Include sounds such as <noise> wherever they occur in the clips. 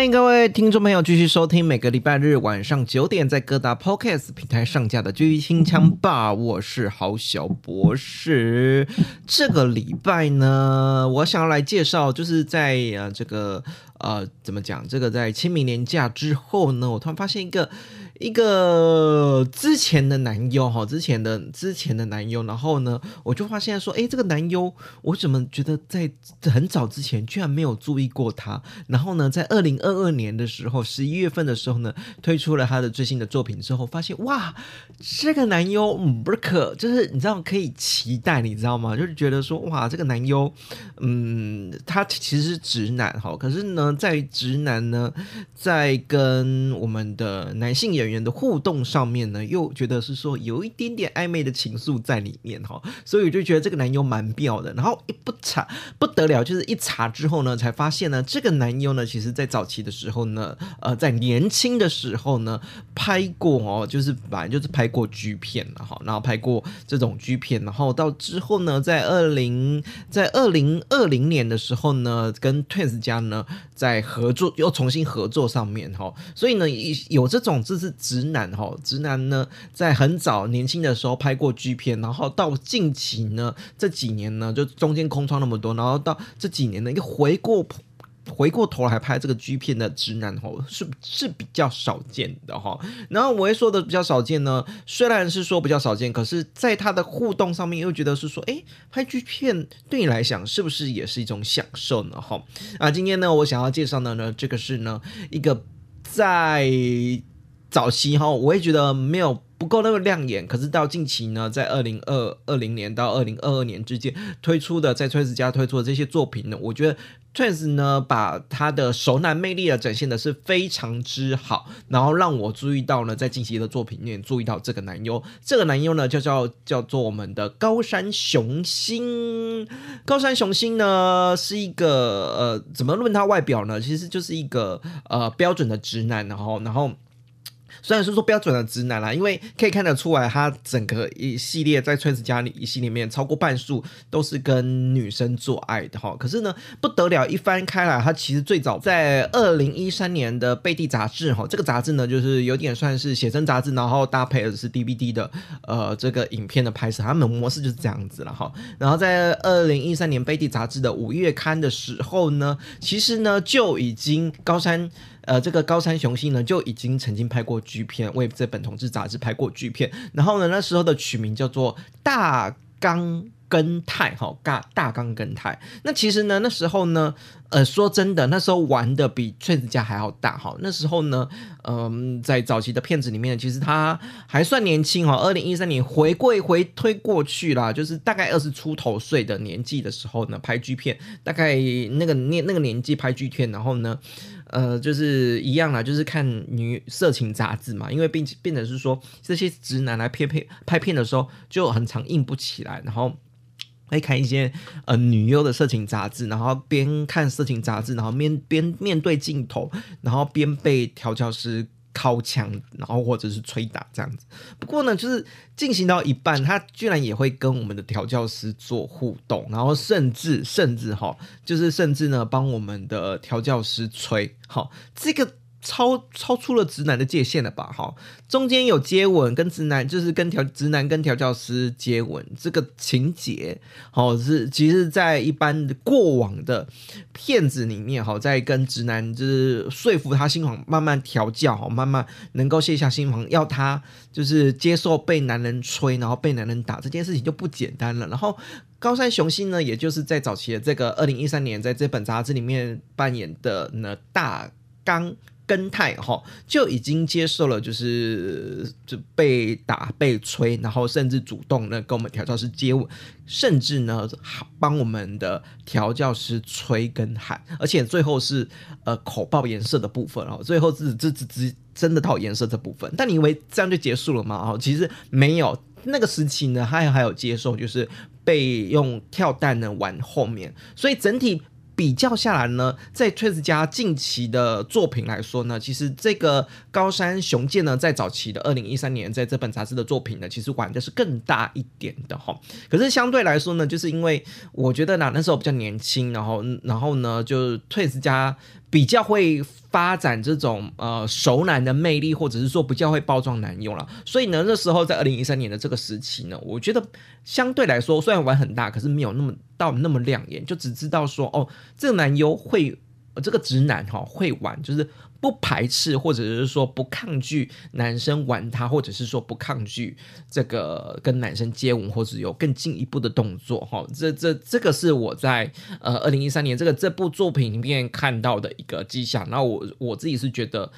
歡迎各位聽眾朋友繼續收聽每個禮拜日晚上九點在各大 Podcast 平台上架的《GV 清槍吧》，我是好小博士。這個禮拜呢，我想要來介紹，就是在呃這個呃怎麼講？這個在清明年假之後呢，我突然發現一個。一個之前的男優哈，之前的之前的男優，然後呢，我就發現說，哎，這個男優，我怎麼覺得在很早之前居然沒有注意過他？然後呢，在二零二二年的時候，十一月份的時候呢，推出了他的最新的作品之後，發現哇，這個男優不是可，就是你知道可以期待，你知道嗎？就是覺得說，哇，這個男優，嗯，他其實是直男哈，可是呢，在直男呢，在跟我們的男性演員。人的互動上面呢，又覺得是說有一點點曖昧的情愫在裡面哈，所以我就覺得這個男優蠻必要的。然後一不查不得了，就是一查之後呢，才發現呢，這個男優呢，其實在早期的時候呢，呃，在年輕的時候呢，拍過哦，就是反正就是拍過 g 片了哈，然後拍過這種 G 片。然後到之後呢，在二零在二零二零年的時候呢，跟 Twins 家呢。在合作又重新合作上面哈，所以呢，有這種，這是直男。直男呢，在很早年輕的時候拍過 G 片，然後到近期呢，這幾年呢，就中間空窗那麼多，然後到這幾年呢，又回過。回過頭來拍這個 G 片的直男吼，是是比較少見的哈。然後我也說的比較少見呢，雖然是說比較少見，可是在他的互動上面，又覺得是說，哎、欸，拍 G 片對你來講是不是也是一種享受呢吼？吼啊，今天呢，我想要介紹的呢，這個是呢一個在早期哈，我也覺得沒有不夠那麼亮眼，可是到近期呢，在二零二二零年到二零二二年之間推出的，在崔子家推出的這些作品呢，我覺得。t w i n s 呢，把他的熟男魅力啊展現的是非常之好，然後讓我注意到呢，在近期的作品裡面注意到這個男優，這個男優呢就叫叫做我們的高山雄星，高山雄星呢是一個呃，怎麼論他外表呢？其實就是一個呃標準的直男，然後然後。雖然說標準的直男啦，因為可以看得出來，他整個一系列在《崔子佳》裡一系裡面，超過半數都是跟女生做愛的哈。可是呢，不得了，一翻開來，他其實最早在二零一三年的《貝蒂》雜誌哈，這個雜誌呢，就是有點算是寫真雜誌，然後搭配的是 DVD 的呃這個影片的拍攝，他們模式就是這樣子了哈。然後在二零一三年《貝蒂》雜誌的五月刊的時候呢，其實呢就已經高山。呃，這個高山雄星呢，就已經曾經拍過 G 片，為這本同志雜誌拍過 G 片。然後呢，那時候的取名叫做大岡耕太哈，大大岡耕太。那其實呢，那時候呢，呃，說真的，那時候玩的比崔子佳還要大哈、哦。那時候呢，嗯，在早期的片子裡面，其實他還算年輕哈。二零一三年回歸回推過去啦，就是大概二十出頭歲的年紀的時候呢，拍 G 片，大概那個年那個年紀拍 G 片，然後呢。呃，就是一樣啦，就是看女色情雜誌嘛，因為並且變成是說，這些直男來拍片，拍片的時候就很常硬不起來，然後會看一些呃女優的色情雜誌，然後邊看色情雜誌，然後面邊面對鏡頭，然後邊被調教師尻槍，然後或者是吹打這樣子。不過呢，就是進行到一半，他居然也會跟我們的調教師做互動，然後甚至甚至哈、哦，就是甚至呢，幫我們的調教師吹哈、哦、這個。超超出了直男的界限了吧？哈、哦，中間有接吻，跟直男就是跟調直男跟調教師接吻這個情節，好、哦、是其實，在一般過往的片子裡面，哈、哦，在跟直男就是說服他心房慢慢調教，好、哦、慢慢能夠卸下心防，要他就是接受被男人吹，然後被男人打這件事情就不簡單了。然後高山雄星呢，也就是在早期的這個二零一三年，在這本雜誌裡面扮演的呢大岡。跟太齁就已經接受了，就是就被打被吹，然後甚至主動呢跟我們調教師接吻，甚至呢幫我們的調教師吹跟喊，而且最後是呃口爆顏色的部分哦，最後是這這這，這真的套顏色的部分。但你以為這樣就結束了嗎？哦，其實沒有，那個時期呢還還有接受，就是被用跳蛋呢玩後面，所以整體。比較下來呢，在 t w 家近期的作品來說呢，其實這個高山雄星呢，在早期的二零一三年，在這本雜誌的作品呢，其實玩的是更大一點的哈。可是相對來說呢，就是因為我覺得呢，那時候比較年輕，然後、嗯、然後呢，就是 t w 家比較會發展這種呃熟男的魅力，或者是說比較會包裝男優了。所以呢，那時候在二零一三年的這個時期呢，我覺得相對來說雖然玩很大，可是沒有那麼。到那麼亮眼，就只知道說哦，這個男優會，這個直男哈會玩，就是不排斥或者是說不抗拒男生玩他，或者是說不抗拒這個跟男生接吻或者有更進一步的動作哈、哦。這這這個是我在呃二零一三年這個這部作品裡面看到的一個跡象。那我我自己是覺得。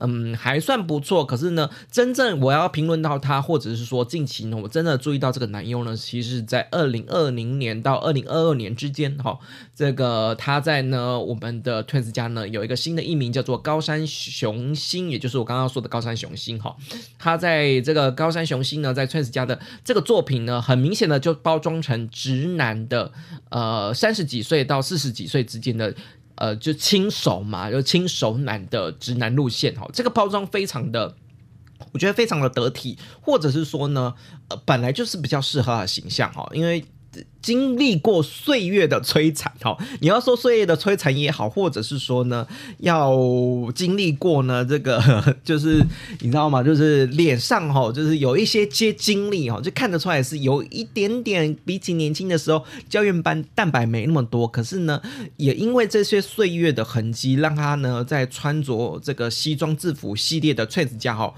嗯，還算不錯。可是呢，真正我要評論到他，或者是說近期呢，我真的注意到這個男優呢，其實，在二零二零年到二零二二年之間，哈、哦，這個他在呢我們的 Twins 家呢有一個新的藝名叫做高山雄星，也就是我剛剛說的高山雄星，哈、哦。他在這個高山雄星呢，在 Twins 家的這個作品呢，很明顯的就包裝成直男的，呃，三十幾歲到四十幾歲之間的。呃，就輕熟嘛，就輕熟男的直男路線哦，這個包裝非常的，我覺得非常的得體，或者是說呢，呃，本來就是比較適合他的形象哦，因為。經歷過歲月的摧殘，哈、哦，你要說歲月的摧殘也好，或者是說呢，要經歷過呢，這個就是你知道嗎？就是臉上哈、哦，就是有一些些經歷哈、哦，就看得出來是有一點點，比起年輕的時候膠原斑蛋白沒那麼多，可是呢，也因為這些歲月的痕跡，讓他呢在穿着這個西裝制服系列的翠子家，哈、哦。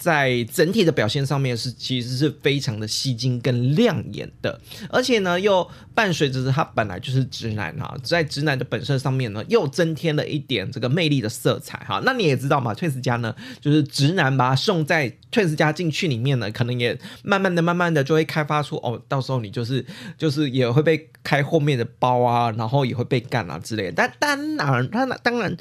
在整體的表現上面是其實是非常的吸睛跟亮眼的，而且呢又伴隨着他本來就是直男啊，在直男的本色上面呢又增添了一點這個魅力的色彩哈。那你也知道嘛，Twins 家呢就是直男吧，他送在 Twins 家進去裡面呢，可能也慢慢的、慢慢的就會開發出哦，到時候你就是就是也會被開後面的包啊，然後也會被幹啊之類的。但當然，他那當然。當然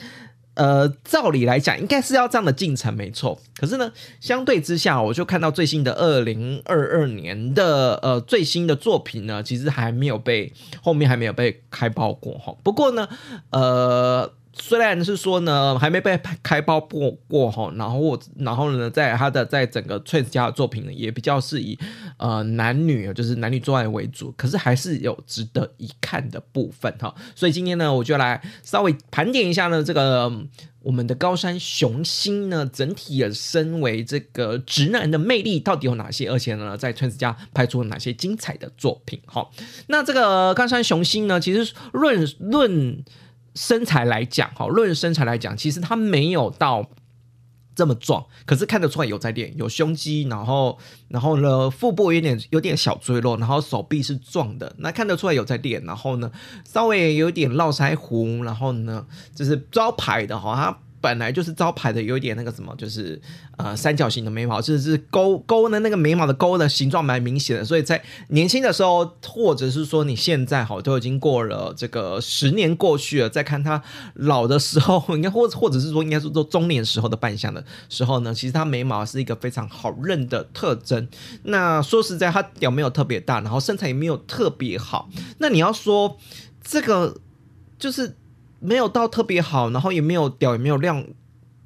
呃，照理來講，應該是要這樣的進程，沒錯。可是呢，相對之下，我就看到最新的二零二二年的呃最新的作品呢，其實還沒有被後面還沒有被開爆過哈。不過呢，呃。雖然是說呢，還沒被開包播過過哈，然後我然後呢，在他的在整個崔子家的作品呢，也比較是以呃男女就是男女做愛為主，可是還是有值得一看的部分哈。所以今天呢，我就來稍微盤點一下呢，這個我們的高山雄星呢，整體的身為這個直男的魅力到底有哪些，而且呢，在崔子家拍出了哪些精彩的作品哈。那這個高山雄星呢，其實論論。論身材來講，哈，論身材來講，其實他沒有到這麼壯，可是看得出來有在練，有胸肌，然後，然後呢，腹部有點有點小贅肉，然後手臂是壯的，那看得出來有在練，然後呢，稍微有點絡腮鬍，然後呢，就是招牌的哈。它本來就是招牌的，有點那個什麼，就是呃三角形的眉毛，就是勾勾的那個眉毛的勾的形狀蠻明顯的。所以在年輕的時候，或者是說你現在好都已經過了這個十年過去了，再看他老的時候，應該或或者是說應該是做中年時候的扮相的時候呢，其實他眉毛是一個非常好認的特徵。那說實在，他屌沒有特別大，然後身材也沒有特別好。那你要說這個就是。沒有到特別好，然後也沒有屌，也沒有亮，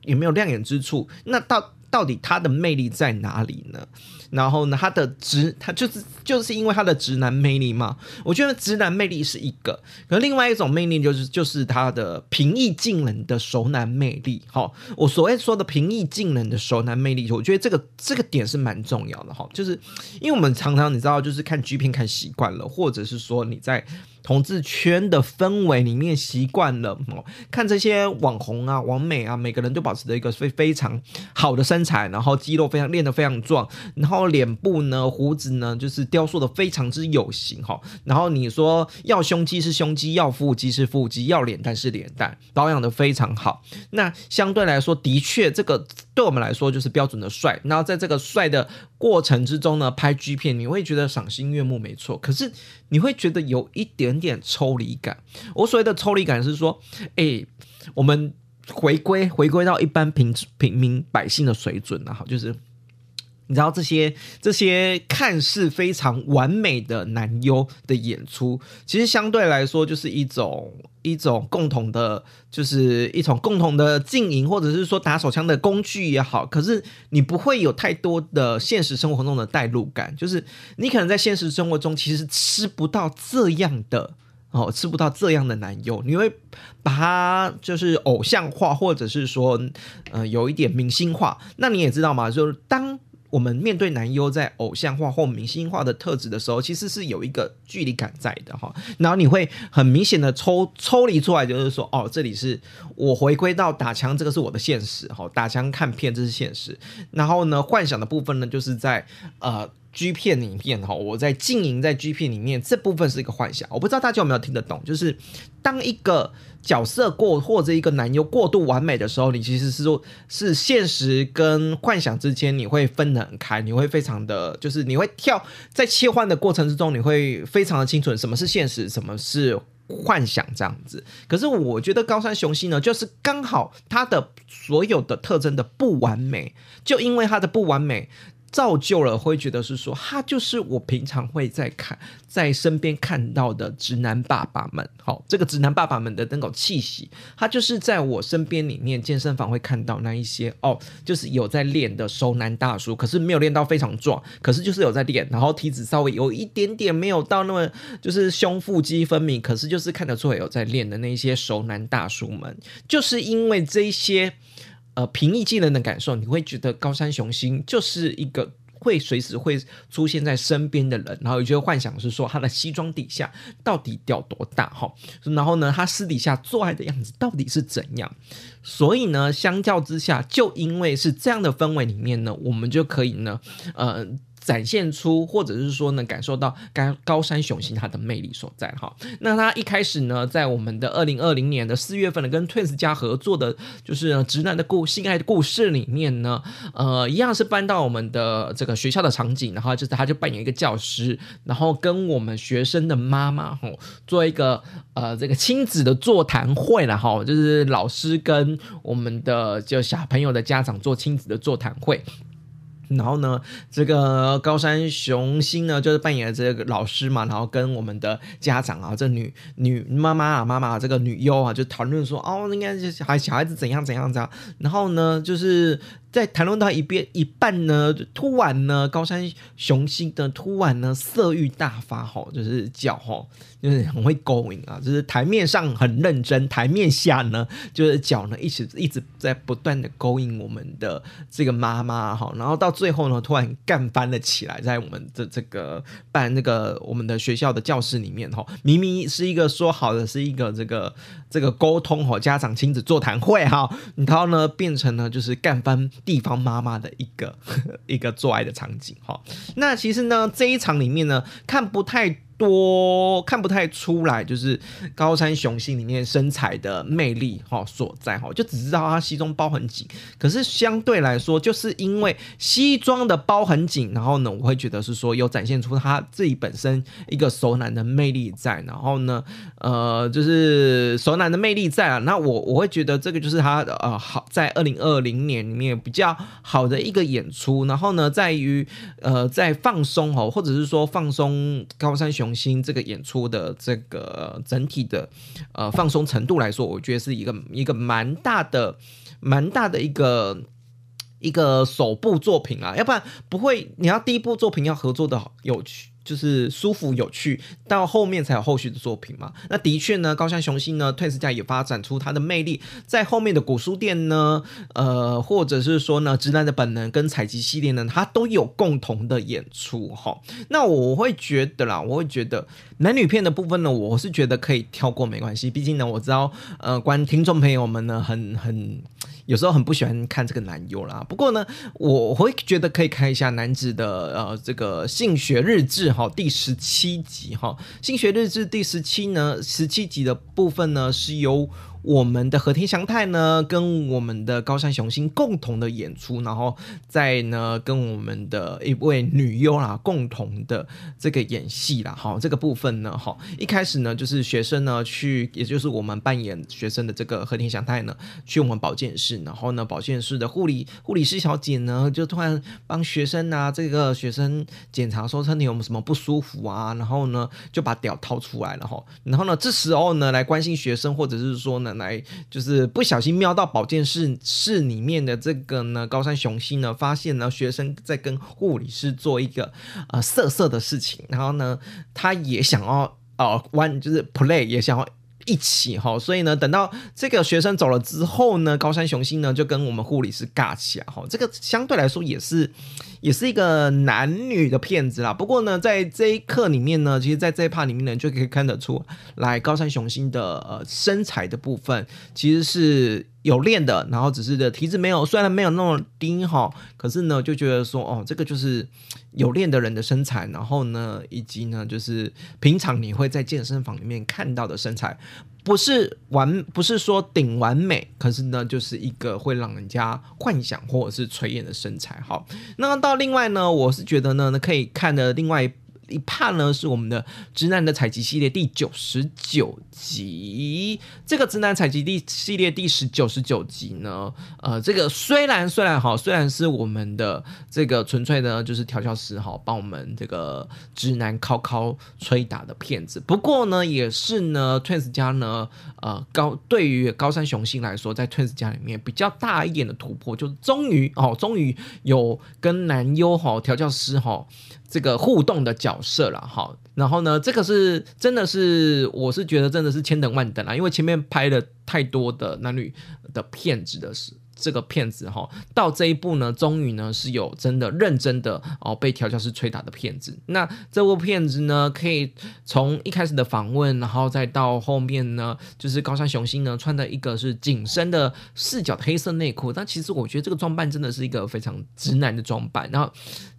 也沒有亮眼之處。那到到底他的魅力在哪裡呢？然後呢，他的直，他就是就是因為他的直男魅力嘛。我覺得直男魅力是一個，可另外一種魅力就是就是他的平易近人的熟男魅力。哈，我所謂說的平易近人的熟男魅力，我覺得這個這個點是蠻重要的哈。就是因為我們常常你知道，就是看 G 片看習慣了，或者是說你在。同志圈的氛圍裡面習慣了哦，看這些網紅啊、網美啊，每個人都保持着一個非非常好的身材，然後肌肉非常練得非常壯，然後臉部呢、鬍子呢，就是雕塑得非常之有型哈。然後你說要胸肌是胸肌，要腹肌是腹肌，要臉蛋是臉蛋，保養得非常好。那相對來說，的確這個。對我們來說就是標準的帥，然後在這個帥的過程之中呢，拍 G 片你會覺得賞心悅目，沒錯。可是你會覺得有一點點抽離感。我所謂的抽離感是說，哎、欸，我們回歸回歸到一般平平民百姓的水準啊，好，就是。你知道，這些這些看似非常完美的男優的演出，其實相對來說就是一種一種共同的，就是一種共同的經營，或者是說打手槍的工具也好。可是你不會有太多的現實生活中的代入感，就是你可能在現實生活中其實吃不到這樣的哦，吃不到這樣的男優，你會把它就是偶像化，或者是說嗯、呃、有一點明星化。那你也知道嘛，就是當。我們面對男優在偶像化或明星化的特質的時候，其實是有一個距離感在的哈，然後你會很明顯的抽抽離出來，就是說，哦，這裡是我回歸到打槍，這個是我的現實哈，打槍看片這是現實，然後呢，幻想的部分呢，就是在呃。G 片裡面哈，我在經營在 G 片裡面這部分是一個幻想，我不知道大家有沒有聽得懂？就是當一個角色過或者一個男優過度完美的時候，你其實是說，是現實跟幻想之間你會分得很開，你會非常的，就是你會跳在切換的過程之中，你會非常的清楚什麼是現實，什麼是幻想這樣子。可是我覺得高山雄星呢，就是剛好他的所有的特徵的不完美，就因為他的不完美。造就了會覺得是說，他就是我平常會在看在身邊看到的直男爸爸們。好、哦，這個直男爸爸們的那種氣息，他就是在我身邊裡面健身房會看到那一些哦，就是有在練的熟男大叔，可是沒有練到非常壯，可是就是有在練，然後體脂稍微有一點點，沒有到那麼就是胸腹肌分明，可是就是看得出有在練的那些熟男大叔們，就是因為這些。呃，平易近人的感受，你會覺得高山雄星就是一個會隨時會出現在身邊的人，然後也就會幻想是說他的西裝底下到底掉多大哈，然後呢，他私底下做愛的樣子到底是怎樣？所以呢，相較之下，就因為是這樣的氛圍裡面呢，我們就可以呢，呃。展現出，或者是說能感受到高高山雄星他的魅力所在哈。那他一開始呢，在我們的二零二零年的四月份的跟 Twins 家合作的，就是《直男的故性愛的故事》裡面呢，呃，一樣是搬到我們的這個學校的場景，然後就是他就扮演一個教師，然後跟我們學生的媽媽吼、哦、做一個呃這個親子的座談會了哈，然後就是老師跟我們的就小朋友的家長做親子的座談會。然後呢，這個高山雄星呢，就是扮演了這個老師嘛，然後跟我們的家長啊，這女女媽媽啊，媽媽、啊、這個女優啊，就討論說，哦，應該就小孩小孩子怎樣怎樣怎、啊、樣，然後呢，就是。在談論到一邊一半呢，突然呢，高山雄星呢，突然呢，色欲大發哈，就是腳哈，就是很會勾引啊，就是台面上很認真，台面下呢，就是腳呢，一直一直在不斷的勾引我們的這個媽媽哈，然後到最後呢，突然幹翻了起來，在我們的這，這個辦那個我們的學校的教室裡面哈，明明是一個說好的是一個這個這個溝通哈，家長親子座談會哈，然後呢，變成了就是幹翻。地方媽媽的一個呵呵一個做愛的場景，哈，那其實呢，這一場裡面呢，看不太。多看不太出來，就是高山雄心星裡面身材的魅力哈所在哈，就只知道他西裝包很緊，可是相對來說，就是因為西裝的包很緊，然後呢，我會覺得是說有展現出他自己本身一個熟男的魅力在，然後呢，呃，就是熟男的魅力在啊，那我我會覺得這個就是他呃好在二零二零年裡面比較好的一個演出，然後呢，在於呃在放鬆哦，或者是說放鬆高山雄。重新這個演出的這個整體的呃放鬆程度來說，我覺得是一個一個蠻大的蠻大的一個一個首部作品啊，要不然不會，你要第一部作品要合作的好有趣。就是舒服有趣，到後面才有後續的作品嘛。那的確呢，高山雄，雄星呢退市價也發展出它的魅力，在後面的古書店呢，呃，或者是說呢，直男的本能跟採集系列呢，他都有共同的演出哈。那我會覺得啦，我會覺得男女片的部分呢，我是覺得可以跳過沒關係，畢竟呢，我知道呃，觀聽眾朋友們呢，很很。有時候很不喜歡看這個男優啦，不過呢，我會覺得可以看一下男子的呃這個性學日志哈、哦，第十七集哈、哦，性學日志第十七呢，十七集的部分呢是由。我們的和田祥太呢，跟我們的高山雄星共同的演出，然後再呢跟我們的一位女優啦共同的這個演戲啦。好，這個部分呢，哈，一開始呢就是學生呢去，也就是我們扮演學生的這個和田祥太呢去我們保健室，然後呢保健室的護理護理師小姐呢就突然幫學生啊這個學生檢查說身體有什麼不舒服啊，然後呢就把屌掏出來了哈，然後呢這時候呢來關心學生或者是說呢。來，就是不小心瞄到保健室室裡面的這個呢，高山雄星呢，發現呢學生在跟護理師做一個呃色色的事情，然後呢，他也想要啊玩，呃，就是 play 也想要。一起哈，所以呢，等到這個學生走了之後呢，高山雄星呢就跟我們護理師尬起來哈、哦，這個相對來說也是也是一個男女的片子啦。不過呢，在這一課裡面呢，其實在這一趴裡面呢，就可以看得出來高山雄星的呃身材的部分其實是。有練的，然後只是的體脂沒有，雖然沒有那麼低哈，可是呢，就覺得說，哦，這個就是有練的人的身材，然後呢，以及呢，就是平常你會在健身房裡面看到的身材，不是完，不是說頂完美，可是呢，就是一個會讓人家幻想或者是垂涎的身材。好，那到另外呢，我是覺得呢，那可以看的另外。一帕呢是我們的直男的採集系列第九十九集，這個直男採集第系列第十九十九集呢，呃，這個雖然雖然哈，雖然是我們的這個純粹的，就是調教師哈，幫我們這個直男敲敲吹打的片子，不過呢，也是呢，twins 家呢，呃，高對於高山雄星來說，在 twins 家裡面比較大一點的突破，就是終於哦，終於有跟男優吼調教師吼。這個互動的角色了哈，然後呢，這個是真的是我是覺得真的是千等萬等啊。因為前面拍了太多的男女的片子的事，這個片子哈，到這一步呢，終於呢是有真的認真的哦被調教師捶打的片子。那這部片子呢，可以從一開始的訪問，然後再到後面呢，就是高山雄星呢穿的一個是緊身的四角的黑色內褲，但其實我覺得這個裝扮真的是一個非常直男的裝扮，然後，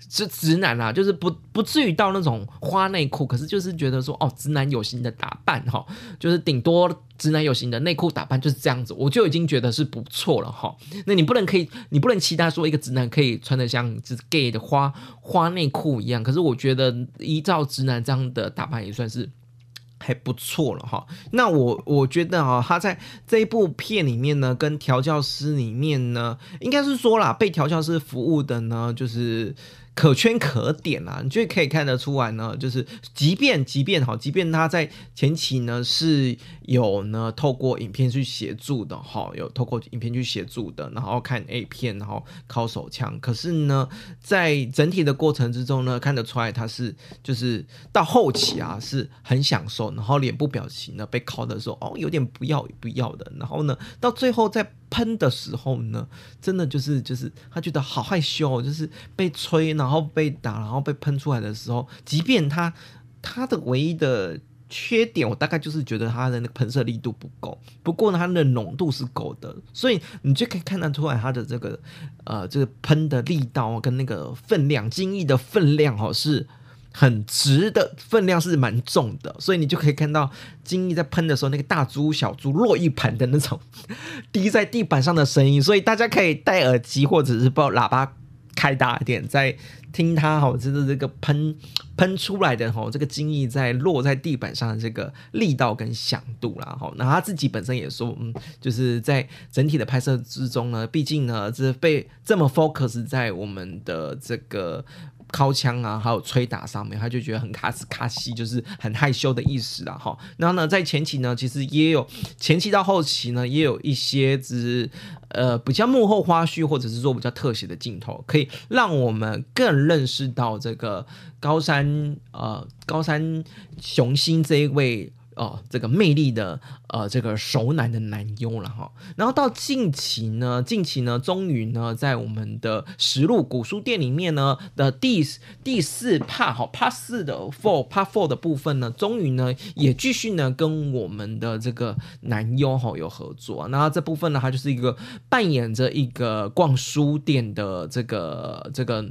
是直，直男啦、啊，就是不不至於到那種花內褲，可是就是覺得說哦，直男有型的打扮哈，就是頂多直男有型的內褲打扮就是這樣子，我就已經覺得是不錯了哈。那你不能可以，你不能期待說一個直男可以穿得像就是 gay 的花花內褲一樣，可是我覺得依照直男這樣的打扮也算是還不錯了哈。那我我覺得哈，他在這一部片裡面呢，跟調教師裡面呢，應該是說啦，被調教師服務的呢，就是。可圈可點啊！你就可以看得出來呢，就是即便即便哈，即便他在前期呢是有呢透過影片去協助的哈，有透過影片去協助的，然後看 A 片，然後尻槍。可是呢，在整體的過程之中呢，看得出來他是就是到後期啊是很享受，然後臉部表情呢被尻的時候哦有點不要不要的，然後呢到最後在。噴的時候呢，真的就是就是他覺得好害羞，就是被吹，然後被打，然後被噴出來的時候，即便他他的唯一的缺點，我大概就是覺得他的那個噴射力度不夠。不過呢，它的濃度是夠的，所以你就可以看得出來它的這個呃這個噴的力道跟那個分量，精液的分量哦是。很直的分量是蠻重的，所以你就可以看到精液在噴的時候，那個大珠小珠落一盤的那種 <laughs> 滴在地板上的聲音。所以大家可以戴耳機，或者是把喇叭開大一點，再聽它吼，就是這個噴噴出來的吼。這個精液在落在地板上的這個力道跟響度啦吼。那他自己本身也說，嗯，就是在整體的拍攝之中呢，畢竟呢，這、就是、被這麼 focus 在我們的這個。敲槍啊，還有捶打上面，他就覺得很卡斯卡西，就是很害羞的意思啦，啊，哈。然後呢，在前期呢，其實也有前期到後期呢，也有一些之呃比較幕後花絮，或者是說比較特寫的鏡頭，可以讓我們更認識到這個高山呃，高山雄星這一位。哦，這個魅力的呃，這個熟男的男優了哈。然後到近期呢，近期呢，終於呢，在我們的實錄古書店裡面呢的第第四 part。哈 part 四的 four part four 的部分呢，終於呢也繼續呢跟我們的這個男優哈有合作。那這部分呢，它就是一個扮演着一個逛書店的這個這個。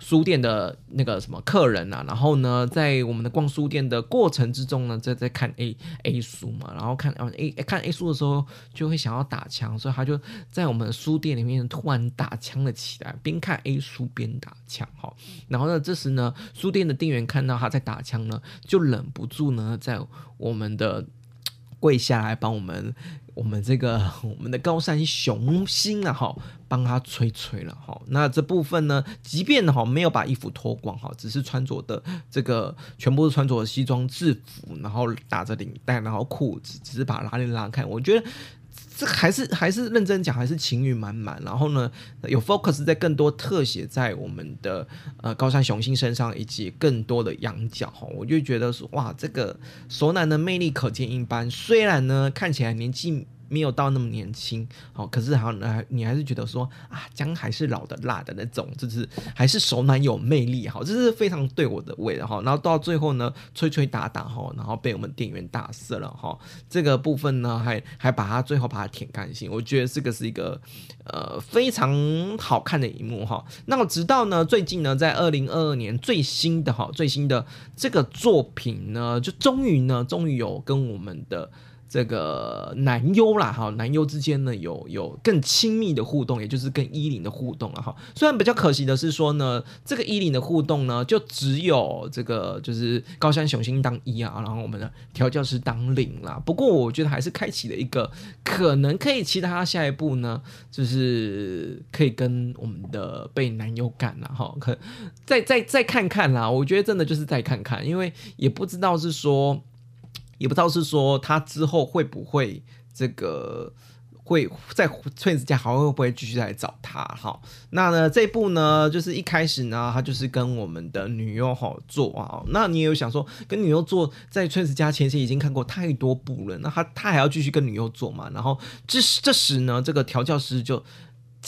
書店的那個什麼客人啊，然後呢，在我們的逛書店的過程之中呢，在在看 A A 書嘛，然後看啊 A 看 A 書的時候，就會想要打槍，所以他就在我們的書店裡面突然打槍了起來，邊看 A 書邊打槍哈。然後呢，這時呢，書店的店員看到他在打槍呢，就忍不住呢，在我們的。跪下來幫我們，我們這個我們的高山雄星啊好，吼幫他吹吹了好，吼那這部分呢，即便哈沒有把衣服脫光，哈，只是穿着的這個全部是穿着西裝制服，然後打着領帶，然後褲子只是把拉鏈拉開，我覺得。這還是還是認真講，還是情欲滿滿。然後呢，有 focus 在更多特寫在我們的呃高山雄星身上，以及更多的羊角，我就覺得說哇，這個熟男的魅力可見一斑。雖然呢，看起來年紀。沒有到那麼年輕，好，可是還呢，你還是覺得說啊，薑還是老的辣的那種，就是還是熟男有魅力，哈，這是非常對我的味道，哈。然後到最後呢，吹吹打打，哈，然後被我們店員打死了，哈，這個部分呢，還還把它最後把它舔乾淨，我覺得這個是一個呃非常好看的一幕，哈，那麼直到呢，最近呢，在二零二二年最新的哈，最新的這個作品呢，就終於呢，終於有跟我們的。這個男優啦，哈，男優之間呢，有有更親密的互動，也就是跟一零的互動了哈。雖然比較可惜的是說呢，這個一零的互動呢就只有這個就是高山雄星當一啊，然後我們的調教師當零啦。不過我覺得還是開啟了一個可能可以其他下一步呢，就是可以跟我們的被男優幹了哈。可再再再看看啦，我覺得真的就是再看看，因為也不知道是說。也不知道是說他之後會不會這個會在崔子家還會不會繼續來找他？好，那呢這一部呢就是一開始呢他就是跟我們的女優好做啊，那你也有想說跟女優做，在崔子家前期已經看過太多部了，那他他還要繼續跟女優做嘛？然後這時這時呢這個調教師就。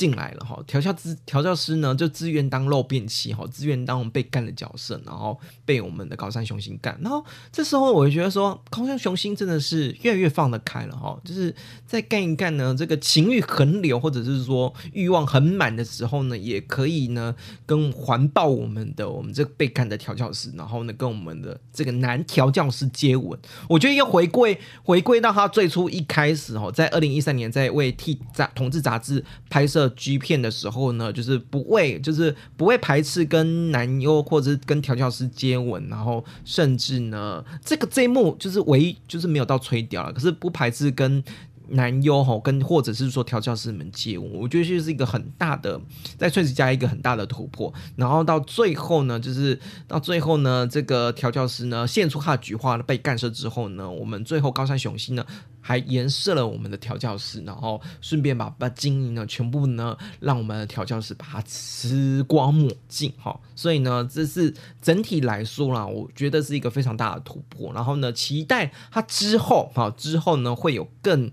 進來了哈，調教師調教師呢就自願當肉便器哈，自願當我們被幹的角色，然後被我們的高山雄星幹。然後這時候我覺得說，高山雄、雄星真的是越來越放得開了哈，就是在幹一幹呢，這個情慾橫流或者是說慾望很滿的時候呢，也可以呢跟環抱我們的我們這個被幹的調教師，然後呢跟我們的這個男調教師接吻。我覺得要回歸回歸到他最初一開始哈，在二零一三年在為《替雜同志雜誌》拍攝。G 片的時候呢，就是不會，就是不會排斥跟男優或者是跟調教師接吻，然後甚至呢，這個這一幕就是唯一就是沒有到吹掉了，可是不排斥跟。男優吼跟或者是說調教師們接吻，我覺得這是一個很大的在翠子家一個很大的突破。然後到最後呢，就是到最後呢，這個調教師呢獻出他的菊花被幹射之後呢，我們最後高山雄星呢還顏射了我們的調教師，然後順便把把精液呢全部呢讓我們的調教師把它吃光抹淨哈。所以呢，這是整體來說啦，我覺得是一個非常大的突破。然後呢，期待他之後哈之後呢會有更。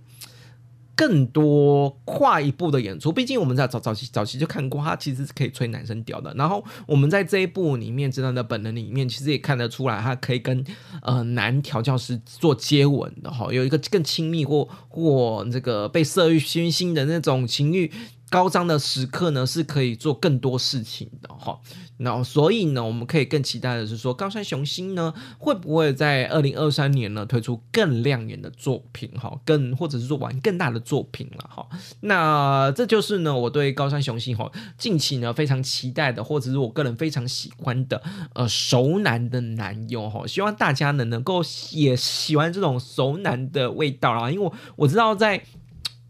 更多跨一步的演出，畢竟我們在早早期早期就看過，他其實是可以吹男生屌的。然後我們在這一部裡面，真正的本能裡面，其實也看得出來，他可以跟呃男調教師做接吻的哈，有一個更親密或或這個被色慾熏心的那種情慾，高張的時刻呢，是可以做更多事情的哈、哦。那所以呢，我們可以更期待的是說，高山雄星呢，會不會在二零二三年呢推出更亮眼的作品哈、哦？更或者是說玩更大的作品了哈、哦？那這就是呢，我對高山雄星。哈、哦、近期呢非常期待的，或者是我個人非常喜歡的呃熟男的男友哈、哦。希望大家呢能夠也喜歡這種熟男的味道啊。因為我，我知道在。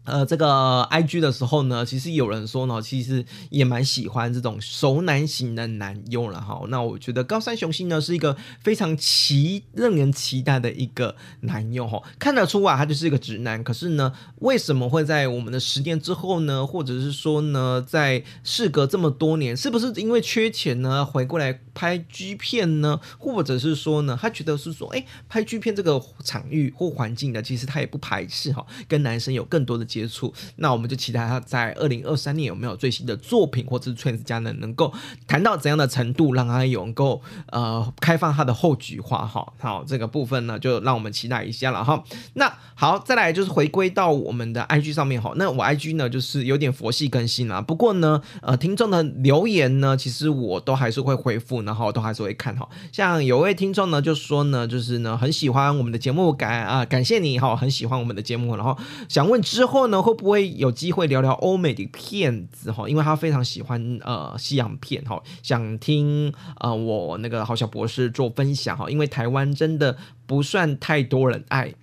呃，這個 I G 的時候呢，其實有人說呢，其實也蠻喜歡這種熟男型的男優了哈。那我覺得高山雄星呢是一個非常期令人期待的一個男優哈，看得出啊，他就是一個直男。可是呢，為什麼會在我們的十年之後呢，或者是說呢，在事隔這麼多年，是不是因為缺錢呢，回過來拍 G 片呢？或者是說呢，他覺得是說，哎、欸，拍 G 片這個場域或環境呢，其實他也不排斥哈，跟男生有更多的接。接觸，那我們就期待他在二零二三年有沒有最新的作品，或者是 Twins 家呢？能夠談到怎樣的程度，讓他有能夠呃開放他的後局化哈。好，這個部分呢，就讓我們期待一下了哈。那好，再來就是回歸到我們的 IG 上面哈。那我 IG 呢就是有點佛系更新了，啊，不過呢呃聽眾的留言呢，其實我都還是會回復，然後都還是會看哈。像有位聽眾呢就說呢，就是呢很喜歡我們的節目感啊，呃，感謝你哈，很喜歡我們的節目，然後想問之後呢。那會不會有機會聊聊歐美的片子哈？因為他非常喜歡呃西洋片哈，想聽呃我那個好小博士做分享哈。因為台灣真的不算太多人愛，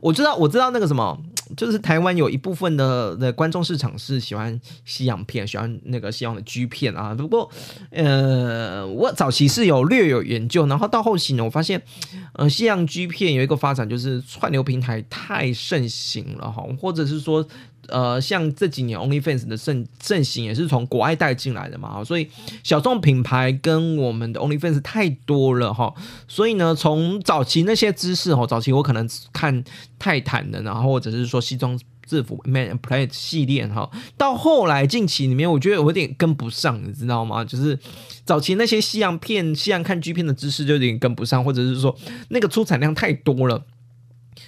我知道我知道那個什麼。就是臺灣有一部分的的觀眾市場是喜歡西洋片，喜歡那個西洋的 G 片啊。不過，呃，我早期是有略有研究，然後到後期呢，我發現，呃，西洋 G 片有一個發展，就是串流平台太盛行了哈，或者是說。呃，像這幾年 OnlyFans 的盛盛行，也是從國外帶進來的嘛，所以小眾品牌跟我們的 OnlyFans 太多了哈，所以呢，從早期那些知識哈，早期我可能看泰坦的，然後或者是說西裝制服 Man and Play 的系列哈，到後來近期裡面，我覺得有點跟不上，你知道嗎？就是早期那些西洋片、西洋看 G 片的知識就有點跟不上，或者是說那個出產量太多了。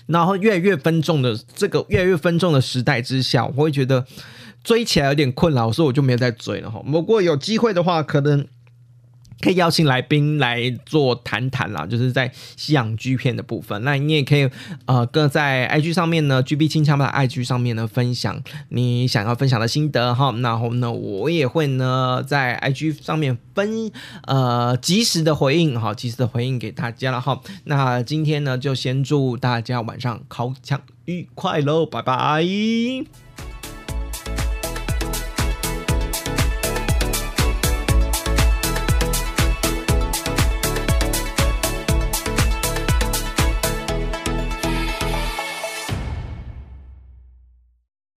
然後越來越分眾的這個越來越分眾的時代之下，我會覺得追起來有點困擾，所以我就沒有再追了哈。不過有機會的話，可能。可以邀請來賓來做談談啦，就是在西洋 G 片的部分。那你也可以呃，跟在 IG 上面呢，GB 尻槍吧 IG 上面呢分享你想要分享的心得哈。然後呢，我也會呢在 IG 上面分呃及時的回應哈，及時的回應給大家了哈。那今天呢，就先祝大家晚上尻槍愉快嘍，拜拜。